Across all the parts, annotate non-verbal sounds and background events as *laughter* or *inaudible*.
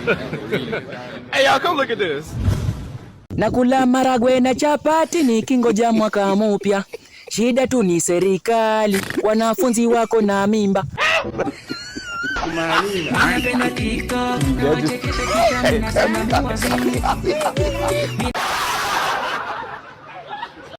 *laughs* Hey, y'all, come look at this. Nakula maragwe na chapati ni nikingoja mwaka mpya. Shida tu ni serikali, wanafunzi wako na mimba.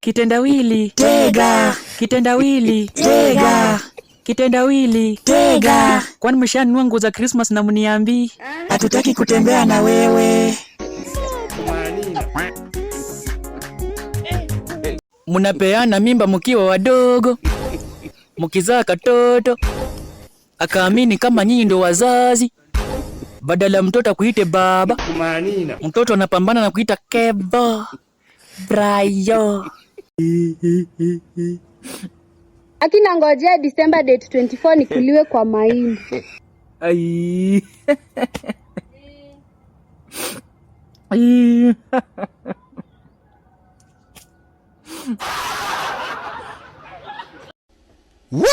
Kitendawili tega, kitendawili tega. Kitendawili tega, kwani mshanunua nguo za Krismas na mniambii? Hatutaki kutembea na wewe. Munapeana mimba mkiwa wadogo, mkizaa katoto akaamini kama nyinyi ndo wazazi, badala ya mtoto akuite baba, mtoto anapambana na kuita kebo brayo akina ngojea December date 24 nikuliwe kwa maini *laughs* Ai. *laughs* Ai. Wa!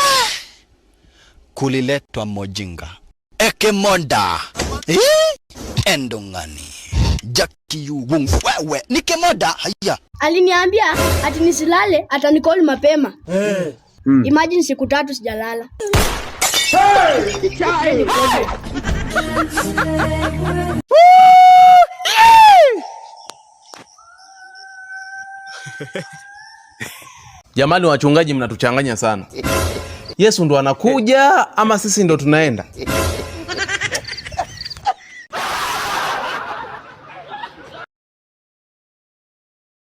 Kuliletwa mojinga. Ekemonda. Eh? Endongani. Jakiyu wewe. Nikemoda haya. Aliniambia ati nisilale atanikoli mapema. Eh. Hey. Mm. Imagine siku tatu sijalala. Jamani, wachungaji mnatuchanganya sana. Yesu ndo anakuja ama sisi ndo tunaenda?